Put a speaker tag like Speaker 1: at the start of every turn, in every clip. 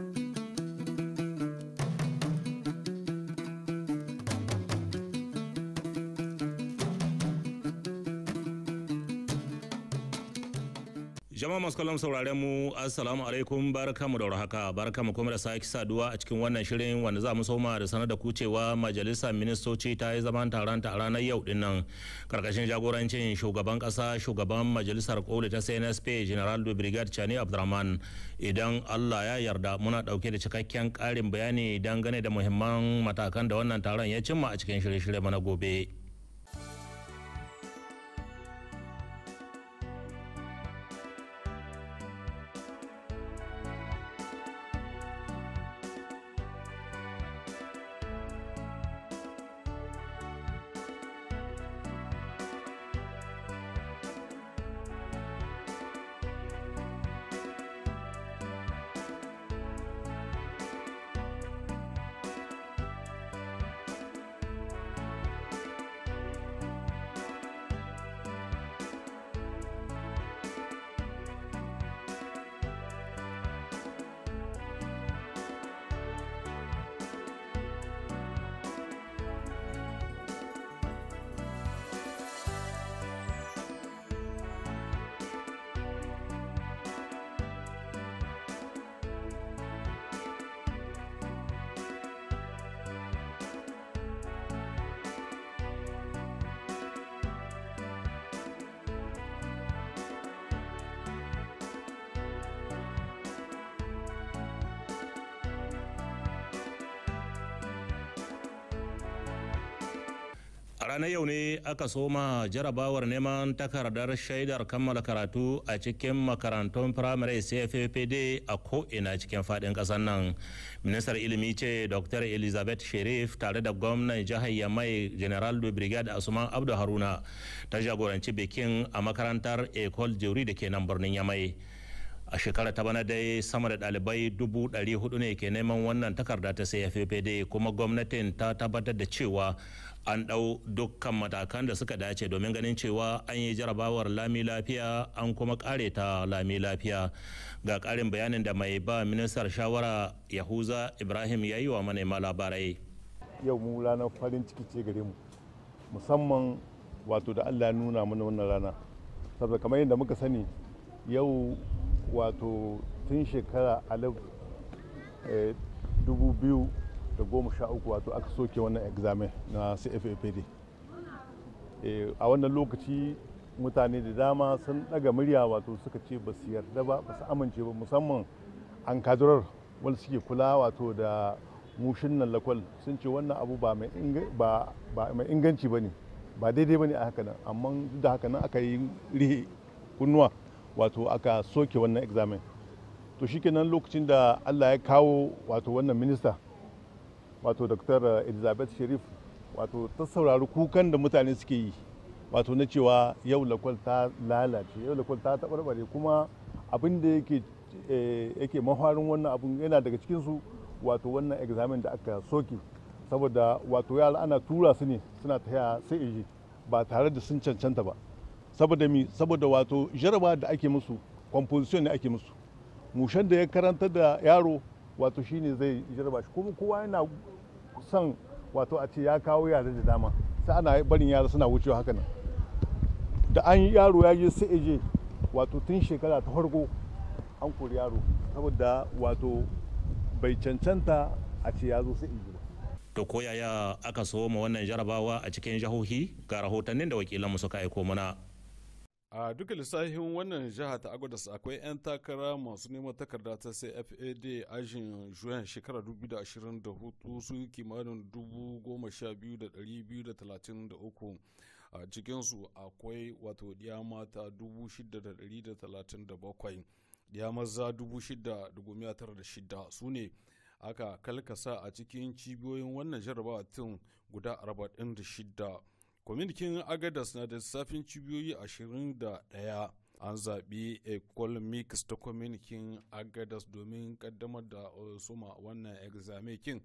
Speaker 1: Thank you. Jama'a masu kallon sauraren mu assalamu alaikum barkamu da warhaka mu kuma da sake saduwa a cikin wannan shirin wanda za mu soma da sanar da ku cewa majalisar ministoci ta yi zaman taron ta ranar yau dinnan nan karkashin jagorancin shugaban kasa shugaban majalisar koli ta CNSP General Brigade Chani Abdurrahman idan Allah ya yarda muna dauke da cikakken karin bayani dangane da muhimman matakan da wannan taron ya cimma a cikin shirye-shirye mana gobe. ranar yau ne aka soma jarabawar neman takardar shaidar kammala karatu a cikin makarantun firamare CFPD a ko'ina cikin fadin kasar nan. Ministar ilimi ce Dr. Elizabeth Sherif tare da gwamnan jihar Yamai General de Brigade Asuman Abdu Haruna ta jagoranci bikin a makarantar Ecole Juri da ke nan birnin Yamai. a shekara ta bana dai sama da dalibai dubu ɗari hudu ne ke neman wannan takarda ta cfpd kuma gwamnatin ta tabbatar da cewa an ɗau dukkan matakan da suka dace domin ganin cewa an yi jarabawar lami lafiya an kuma ƙare ta lami lafiya ga ƙarin bayanin da mai ba ministar shawara yahuza ibrahim ya yi wa manema labarai
Speaker 2: yau mu ranar farin ciki ce gare mu musamman wato da allah nuna mana wannan rana saboda kamar yadda muka sani yau wato tun shekara alif eh, da goma sha uku wato aka soke wannan examen na cffd eh, a wannan lokaci mutane da dama sun daga murya wato suka ce ba su yarda ba ba su amince ba musamman an kadurar wanda suke kula wato da mushin nan lakwal sun ce wannan abu ba mai inganci ba ne ba daidai ba ne a haka nan amma duk da haka nan aka yi rihe kunnuwa wato aka soke wannan examen to shi lokacin da allah ya kawo wato wannan minista wato dr elizabeth sharif wato ta saurari kukan da mutane suke yi wato na cewa yau lakwal ta lalace yau lakwal ta taɓarɓare kuma abin da yake eh, mafarin wannan abin yana daga cikinsu wato wannan examen da aka soke saboda wato yara ana tura su ne suna ta yaya sai iji ba tare da sun cancanta ba saboda mi saboda wato jaraba da ake musu composition ne ake musu mushen da ya karanta da yaro wato ne zai jirba shi kuma kowa yana son wato a ce ya kawo yara da dama sai ana barin yara suna wucewa haka nan da an yi yaro ya je sai je wato tun shekara ta farko an kori yaro saboda wato bai cancanta a ce ya zo sai je
Speaker 1: to ko yaya aka so ma wannan jarabawa a cikin jahohi ga rahotannin da wakilan mu suka aiko mana
Speaker 3: A duka lissahin wannan jiha ta agudas akwai 'yan takara masu neman takarda ta CFAD ajin juyan shekara 2024 su kimanin 12,233 a cikinsu akwai wato diya mata 6,137 diya maza 6,906 su ne aka kalkasa a cikin cibiyoyin wannan jarabawa tun guda 46. kwamitin agadas na da safin cibiyoyi 21 an zaɓi ecole mix ta kwamitin agadas domin kaddamar da uh, suma wannan examekin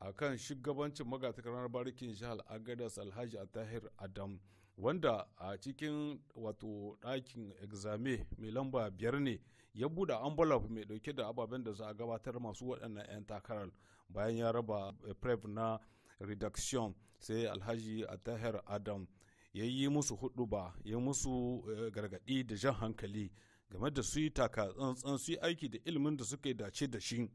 Speaker 3: a kan shugabancin magatakarar barikin jihar agadas alhaji a tahir adam wanda a cikin wato ɗakin exame mai lamba biyar ne ya buɗe envelope mai ɗauke da ababen da za a gabatar masu waɗannan 'yan takarar bayan ya raba eh, prep na redaction sai alhaji tahar adam ya yi musu hudu ba ya musu eh, gargadi da jan hankali game da su yi taka tsantsan su yi aiki da ilimin da suka yi dace da shi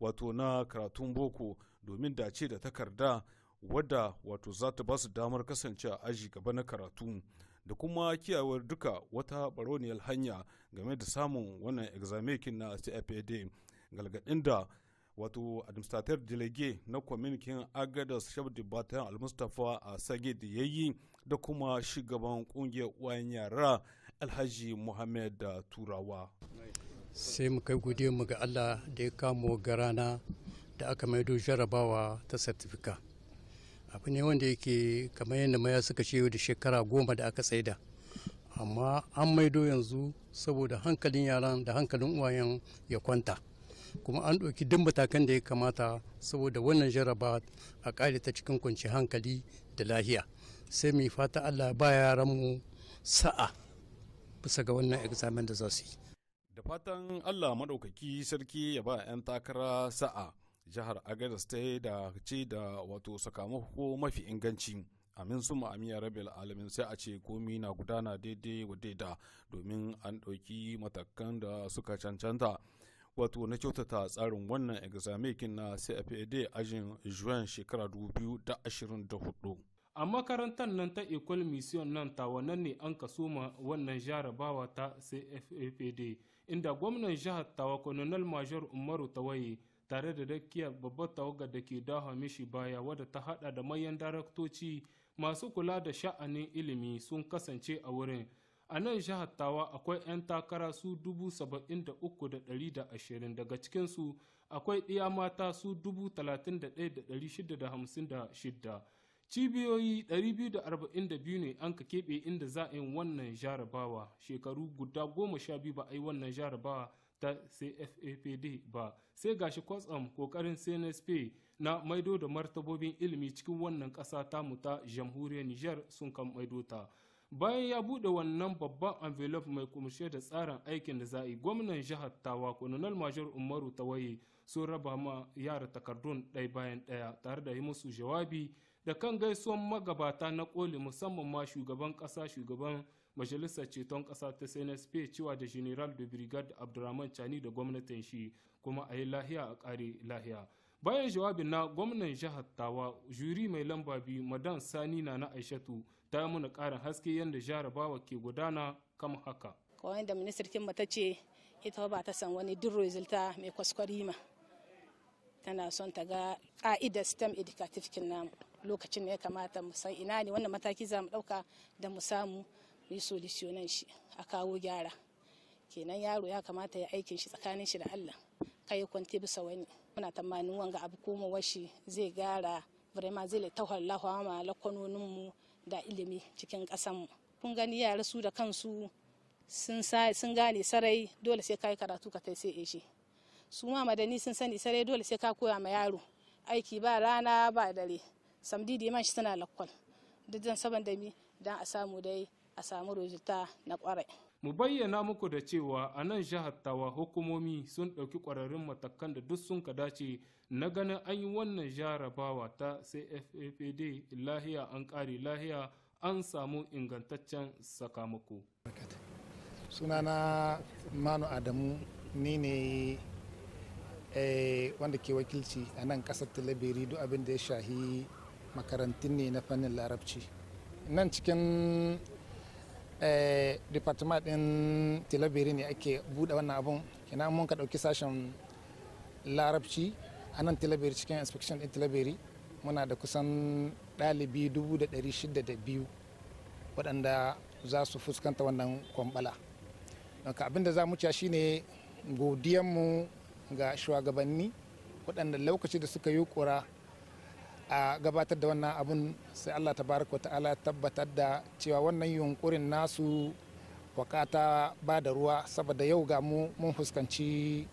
Speaker 3: wato na karatun boko domin dace da takarda wadda wato za ta ba su damar kasance a aji gaba na karatu da kuma kiyawar duka wata baroniyar hanya game da samun wannan examekin na cfad galgadin da wato administrator delege na kwamitin agadas shabdi batan almustafa a sagid yi da kuma shugaban kungiyar uwayen yara alhaji
Speaker 4: muhammad turawa sai mu kai gode mu ga allah da ya kamo garana da aka maido jarabawa ta certificate abu ne wanda yake kamar yadda maya suka ce da shekara goma da aka tsaida amma an maido yanzu saboda hankalin yaran da hankalin uwayen ya kwanta kuma an ɗauki duk matakan da ya kamata saboda wannan jaraba a ƙare ta cikin kwanci hankali da lahiya sai mai fata allah ba yaran mu sa'a bisa ga
Speaker 5: wannan examen da za su yi
Speaker 3: da fatan allah maɗaukaki sarki ya ba 'yan takara sa'a jihar agadas ta yi da ce da wato sakamako mafi inganci amin suma rabel alamin sai a ce komi na gudana daidai wa daida domin an ɗauki matakan da suka cancanta wato na kyautata tsarin wannan
Speaker 6: examekin na cfad ajin juan shekara 2024 a makarantar nan ta ecole mission nan ta wannan ne an kaso ma wannan jarabawa ta cfd inda gwamnan jihar tawa colonel major umaru tawaye tare da dakiya babbar tawagar da ke daha mishi baya wadda ta hada da mayan daraktoci masu kula da sha'anin ilimi sun kasance a wurin A nan jihar akwai 'yan takara su 73,120 daga cikinsu akwai ɗiya mata su 31,656. Cibiyoyi 242 ne an ka keɓe inda za a yin wannan jarabawa shekaru guda goma sha biyu ba a yi wannan jarabawa ta CFAPD ba sai gashi kwatsam kokarin CNSP na maido da martabobin ilimi cikin wannan ƙasa tamu ta jamhuriyar Nijar sun kan maido ta. bayan ya buɗe wannan babban envelope mai kumshe da tsarin aikin da za a yi gwamnan jihar tawa kononal major umaru ta tawaye sun raba ma yara takardun ɗaya bayan ɗaya tare da yi musu jawabi da kan gaisuwan magabata na koli musamman ma shugaban ƙasa shugaban majalisar ceton ƙasa ta cnsp cewa da general de brigade abdurrahman chani da gwamnatin shi kuma a yi lahiya a ƙare lahiya bayan jawabin na gwamnan jihar tawa juri mai lamba biyu madan sani na na aishatu ta yi mana ƙarin haske yadda jarabawa ke gudana kama haka. Kawai da ministirkin ta ce ita ba ta san wani duk rezulta mai kwaskwari ma. Tana son ta ga ƙa'idar STEM educative kin namu lokacin da ya kamata mu san ina ne wannan mataki za mu ɗauka da mu samu mu yi solutionan shi a kawo gyara. Kenan yaro ya kamata ya aikin shi tsakanin shi da Allah. Kai kwanti bisa wani. Muna tamanin wanga abu komowar shi zai gyara Vraiment zai tawar lahwa ma lakwanoninmu da ilimi cikin ƙasanmu kun gani yara su da kansu sun gane sarai dole sai ka yi karatu ka kai sai ishe su ma madani sun sani sarai dole sai ka koya ma yaro aiki ba rana ba dare samdidi man shi suna lakwal duk dan da mi dan a samu dai a samu rojita na kwarai mu bayyana muku da cewa a nan jihar tawa hukumomi sun ɗauki ƙwararrun matakan da duk sun ka dace na ganin an yi wannan jarabawa ta cffd lahiya an ƙare lahiya an samu ingantaccen sakamako
Speaker 5: sunana manu adamu ni ne eh, wanda ke wakilci a nan ƙasar talabiri duk abin da ya shahi makarantun ne na fannin larabci nan cikin Eh, department din tilabiri ne ake buɗe wannan abun ina mun ka ɗauki sashen larabci a nan tilabiri cikin inspection din tilabiri muna da kusan ɗalibi 602 waɗanda za su fuskanta wannan kwambala abin abinda za mu shine mu ga shugabanni waɗanda lokaci da suka yi ƙura a gabatar da wannan abun sai allah Ta ta ta'ala tabbatar da cewa wannan yunkurin nasu wakata ba da ruwa saboda yau ga mu mun fuskanci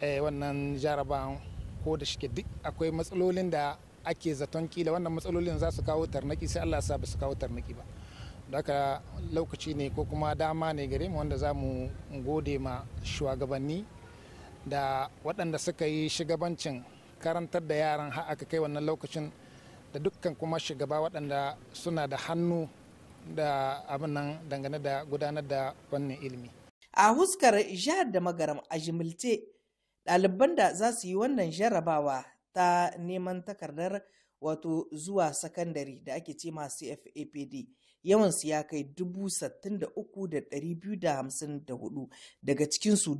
Speaker 5: eh, wannan jaraban ko da shike duk akwai matsalolin da ake zaton kila wannan matsalolin za su kawo tarnaki sai allah sa ba su kawo tarnaki ba daga lokaci ne ko kuma dama ne gare mu wanda za mu gode ma shugabanni da waɗanda suka yi shugabancin karantar da yaran har aka kai wannan lokacin da dukkan kuma shugaba waɗanda suna da hannu da abin nan dangane da gudanar da wannan ilimi. A huskar jihar da magaram a jimilce ɗaliban da za su
Speaker 7: yi wannan jarabawa ta neman takardar wato zuwa sakandare da ake ce masu FAPD su ya kai 63,254 daga cikinsu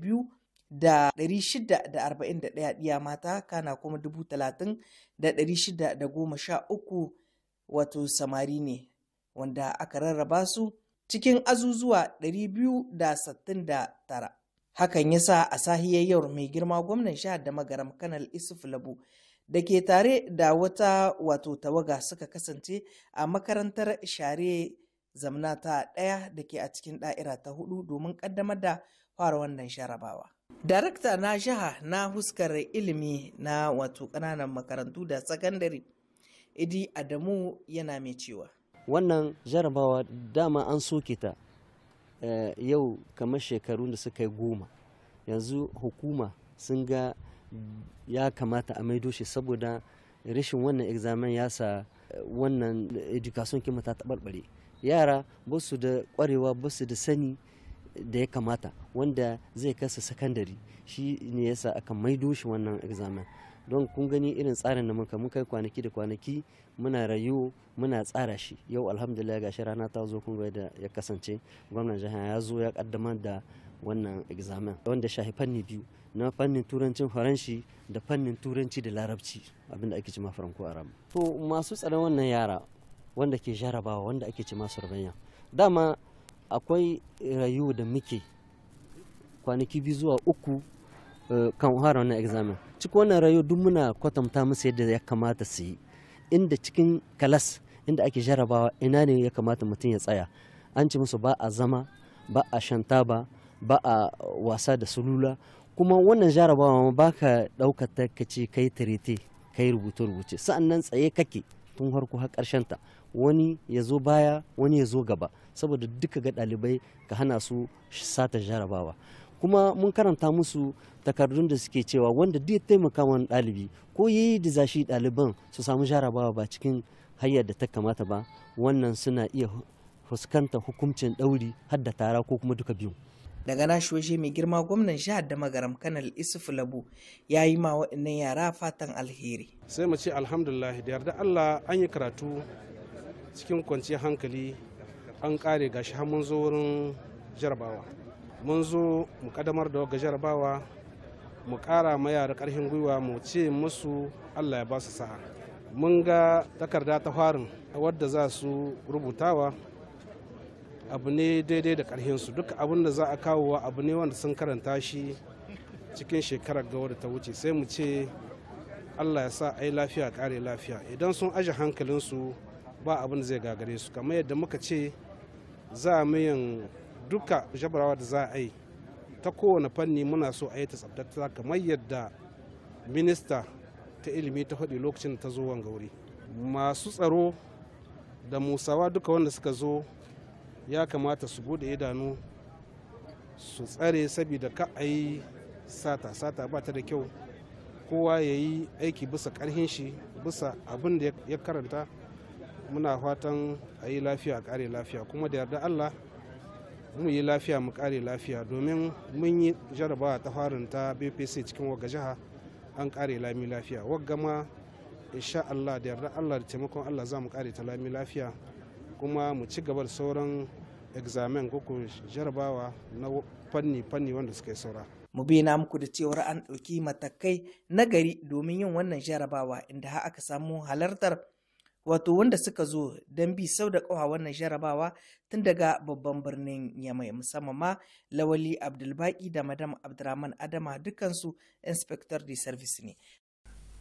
Speaker 7: biyu. da 641 ɗiya mata kana kuma 30 da wato samari ne wanda aka rarraba su cikin azuzuwa 269 hakan ya sa a sahiyayyar mai girma gwamnan sha da magaram kanal isuf labu da ke tare da wata wato tawaga suka kasance a makarantar share zamna ta ɗaya da ke a cikin ɗa'ira ta hudu domin ƙaddamar da fara wannan sharabawa. darakta na jiha na huskar ilimi na wato ƙananan makarantu da sakandare idi adamu yana mai cewa
Speaker 4: wannan jarabawa dama an soke ta eh, yau kamar shekaru da suka yi goma yanzu hukuma sun ga ya kamata a maido shi saboda rashin wannan examen ya sa eh, wannan education kima ta taɓarɓare yara ba su da ƙwarewa ba su da sani da ya kamata wanda zai kasa sakandare shi ne yasa aka maido shi wannan examen don kun gani irin tsarin da muka mun kai kwanaki da kwanaki muna rayu muna tsara shi yau alhamdulillah gashi rana ta zo kun da ya kasance gwamnan jihar ya zo ya kaddamar da wannan examen wanda shahi fanni biyu na fannin turancin faranshi da fannin turanci da larabci abinda ake cima faranko arab to masu tsaron wannan yara wanda ke jarabawa wanda ake cima surbanya dama akwai rayu da muke kwanaki biyu zuwa uku eh, kan fara wannan examen cikin wannan rayu duk muna kwatanta musu yadda ya kamata su yi inda cikin kalas inda ake jarabawa ina ne ya kamata mutum ya tsaya an ci musu ba a zama ba a shanta ba ba a wasa da sulula kuma wannan jarabawa ba ka ɗaukata ka ce kai tirete kai rubuce-rubuce sa'an nan tsaye kake tun harko har ta wani ya zo baya wani ya zo gaba saboda duka ga ɗalibai ka hana su sata jarabawa kuma mun karanta musu takardun da suke cewa wanda duk ya taimaka wani ɗalibi ko yi da zashi ɗaliban su samu jarabawa ba cikin hanyar da ta kamata ba wannan suna iya fuskanta hukuncin ɗauri har da tara ko kuma duka biyu
Speaker 7: daga nashi mai girma gwamnan jihar da magaram kanal isufu labu ya yi ma waɗannan yara fatan alheri sai mu ce alhamdulillah da yarda allah an yi
Speaker 8: karatu cikin kwanciyar hankali an ƙare gashi har mun zo wurin jarabawa mun zo mu kadamar da ga jarabawa mu kara ma yara karfin gwiwa mu ce musu allah ya ba su sa'a mun ga takarda ta farin wadda za su rubutawa abu ne daidai da ƙarhinsu duka abin da za a wa abu ne wanda sun karanta shi cikin shekarar gawa da ta wuce sai mu ce allah ya sa ai lafiya kare lafiya idan sun aje hankalinsu ba abin da zai gagare su kamar yadda muka ce za mu yin duka jabarawa da za a yi ta kowane fanni muna so a yi ta tsabtata kamar yadda minista ta ilimi ta faɗi lokacin ta zo wanga wuri masu tsaro da musawa duka wanda suka zo ya kamata su bude idanu su tsare saboda ka a yi sata sata ba ta da kyau kowa ya yi aiki bisa karhin shi bisa abin da ya karanta muna fatan a yi lafiya kare lafiya kuma da yarda allah mu yi lafiya mu kare lafiya domin mun yi jarabawa ta farin ta bpc cikin wagga jiha an kare lami lafiya wagga ma insha allah da yarda allah da taimakon allah za mu kare ta lami lafiya kuma mu ci gaba da sauran examen ko
Speaker 7: jarabawa na fanni-fanni wanda suka yi saura. mu bayyana muku da cewar an ɗauki matakai na gari domin yin wannan jarabawa inda har aka samu halartar wato wanda suka zo don bi sau da ƙawa wannan jarabawa tun daga babban birnin yamai musamman ma lawali abdulbaki da madam abdulrahman adama dukansu inspector de service ne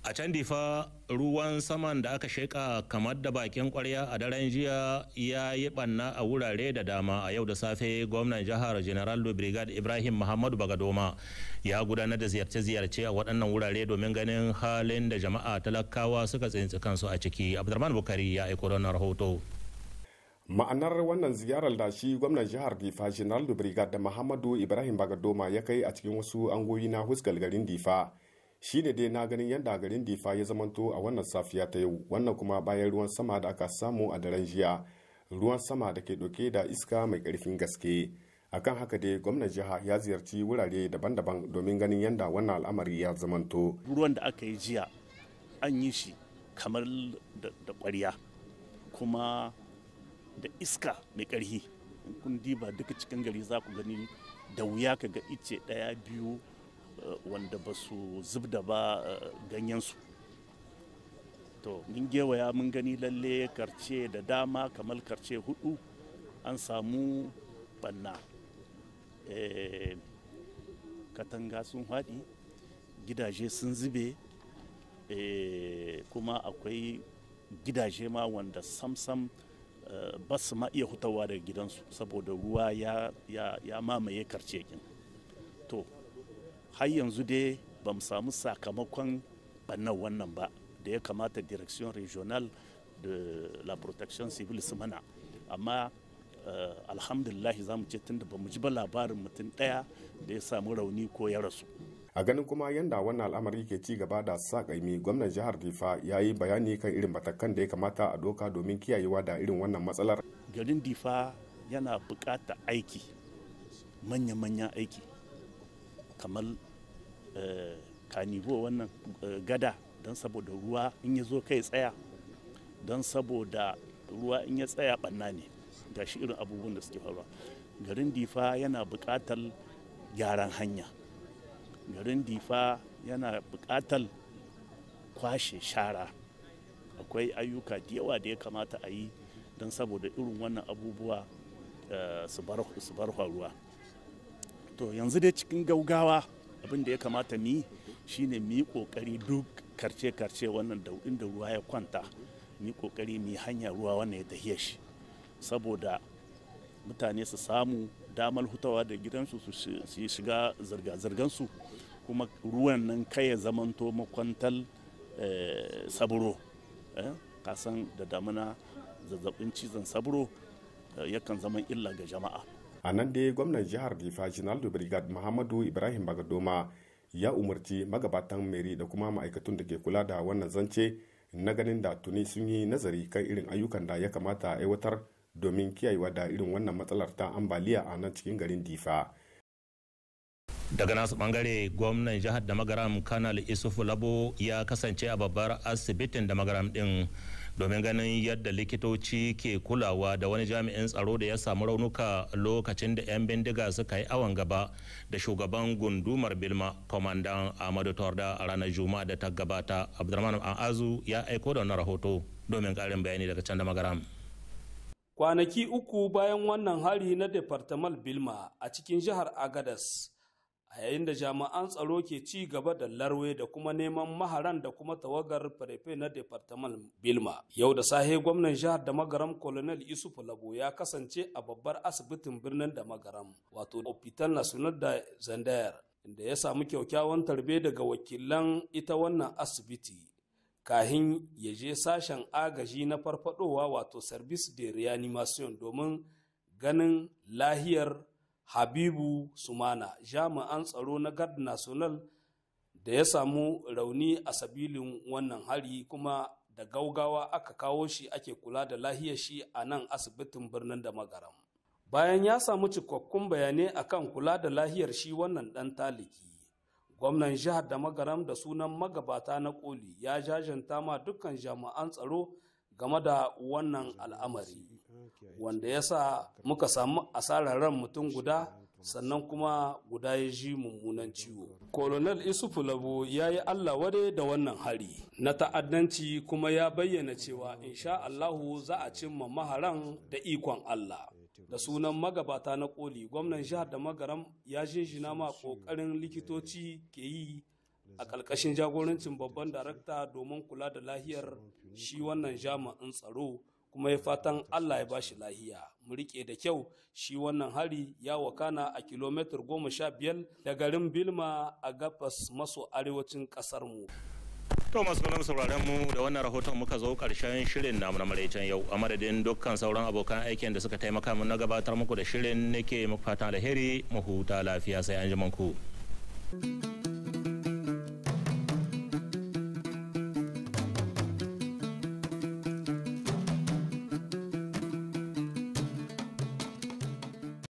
Speaker 1: a can difa ruwan saman da aka sheka kamar da bakin kwarya a daren jiya ya yi banna a wurare da dama a yau da safe gwamnan jihar general brigade ibrahim muhammadu bagadoma ya gudanar da ziyarce-ziyarce a waɗannan wurare domin ganin halin da jama'a talakawa suka tsinci kansu a ciki abdulrahman bukari ya yi wannan rahoto
Speaker 9: ma'anar wannan ziyarar da shi gwamnan jihar difa general brigade da muhammadu ibrahim bagadoma ya kai a cikin wasu angoyi na husgal garin difa shi ne dai na ganin yadda garin difa ya zamanto a wannan safiya ta yau wannan kuma bayan ruwan sama da aka samu a daren jiya ruwan sama da ke ɗauke da iska mai ƙarfin gaske akan haka dai gwamnan jiha ya ziyarci wurare daban-daban domin ganin yadda wannan al'amari ya zamanto
Speaker 10: ruwan da aka yi jiya an yi shi kamar da ƙwarya kuma da iska mai ƙarfi kun diba duka cikin gari za ku gani da wuya ka ga ice ɗaya biyu Eh, wanda ba su zubda ba eh, ganyensu to mun gewaya mun gani lalle karce da dama kamar karce hudu an samu banna eh, katanga sun haɗi gidaje sun zube kuma akwai gidaje ma wanda samsam ba su ma iya hutawa daga gidansu saboda ruwa ya mamaye karce to har yanzu dai ba mu samu sakamakon bannan wannan ba da ya kamata direction regional de la protection civil su mana amma eh, alhamdulillah za mu ce tunda ba mu ji ba labarin mutum ɗaya da ya samu rauni ko ya rasu a ganin kuma yadda wannan
Speaker 9: al'amari ke ci gaba da sa kaimi gwamnan jihar difa ya yi bayani kan irin matakan da ya kamata a doka domin kiyayewa da irin wannan matsalar
Speaker 10: garin difa yana bukata aiki manya-manyan aiki kamar eh, kanibo wannan eh, gada don saboda ruwa in ya zo kai tsaya don saboda ruwa in ya tsaya banna ne ga shi irin abubuwan da suke faruwa garin difa yana buƙatar gyaran hanya garin difa yana buƙatar kwashe shara akwai ayyuka da yawa da ya kamata a yi don saboda irin wannan abubuwa eh, su bar faruwa to yanzu dai cikin gaugawa abin da ya kamata mi shine mi kokari duk karce karce wannan da inda ruwa ya kwanta mi kokari mi hanya ruwa wannan ya tahiya shi saboda mutane su samu damar hutawa da gidansu su shiga zirga-zirgansu kuma ruwan nan kai zamanto makwantal eh, saburo eh, kasan da damuna zazzabin cizon saburo eh, yakan zama illa ga jama'a
Speaker 9: a nan dai gwamnan jihar difa general da brigade muhammadu ibrahim bagadoma ya umarci magabatan meri da kuma ma'aikatun da ke kula da wannan zance na ganin da tuni sun yi nazari kan irin ayyukan da ya kamata a aiwatar domin kiyayewa da irin wannan matsalar ta ambaliya a nan cikin garin difa
Speaker 1: daga nasu bangare gwamnan jihar da magaram kanal isufu labo ya kasance a babbar asibitin da magaram din domin ganin yadda likitoci ke kulawa da wani jami'in tsaro da ya samu raunuka lokacin da 'yan bindiga suka yi awon gaba da shugaban gundumar bilma kwamandan amadu torda a ranar juma'a da ta gabata abdurrahman azu ya aiko da wani rahoto domin karin bayani daga can da magaram
Speaker 11: kwanaki uku bayan wannan hari na departamal bilma a cikin jihar agadas a yayin da jami'an tsaro ke ci gaba da larwe da kuma neman maharan da kuma tawagar farefe na departamen bilma yau da sahe gwamnan jihar da magaram colonel isufu labo ya kasance a babbar asibitin birnin da magaram wato hospital national da zandayar inda ya samu kyaukyawan tarbe daga wakilan ita wannan asibiti kahin ya je sashen agaji na farfadowa wato service de reanimation domin ganin lahiyar habibu sumana jami'an tsaro na gard national da ya samu rauni a sabilin wannan hari kuma da gaugawa aka kawo shi ake kula da lahiyar shi a nan asibitin birnin da magaram bayan ya samu cikakkun bayanai akan kula da lahiyar shi wannan ɗan taliki gwamnan jihar da magaram da sunan magabata na koli ya jajanta ma dukkan jami'an tsaro game da wannan al'amari wanda ya sa muka samu asarar ran mutum guda sannan kuma guda ya ji mummunan ciwo. Kolonel Isufu Labo ya yi Allah wade da wannan hari na ta'addanci kuma ya bayyana cewa insha Allahu za a cimma maharan da ikon Allah. Da sunan magabata na koli gwamnan jihar da magaram ya shinshina ma kokarin likitoci ke yi a ƙarƙashin jagorancin babban darakta domin kula da lahiyar shi wannan jami'in tsaro kuma ya fatan Allah ya bashi lahiya mu rike da kyau shi wannan hari ya wakana a kilomitar goma sha biyar da garin Bilma a gabas maso arewacin ƙasar mu.
Speaker 1: To masu kallon sauraron mu da wannan rahoton muka zo karshen shirin namu na maraicen yau a madadin dukkan sauran abokan aikin da suka taimaka mun na gabatar muku da shirin nake muku fatan alheri mu huta lafiya sai an ku. thank you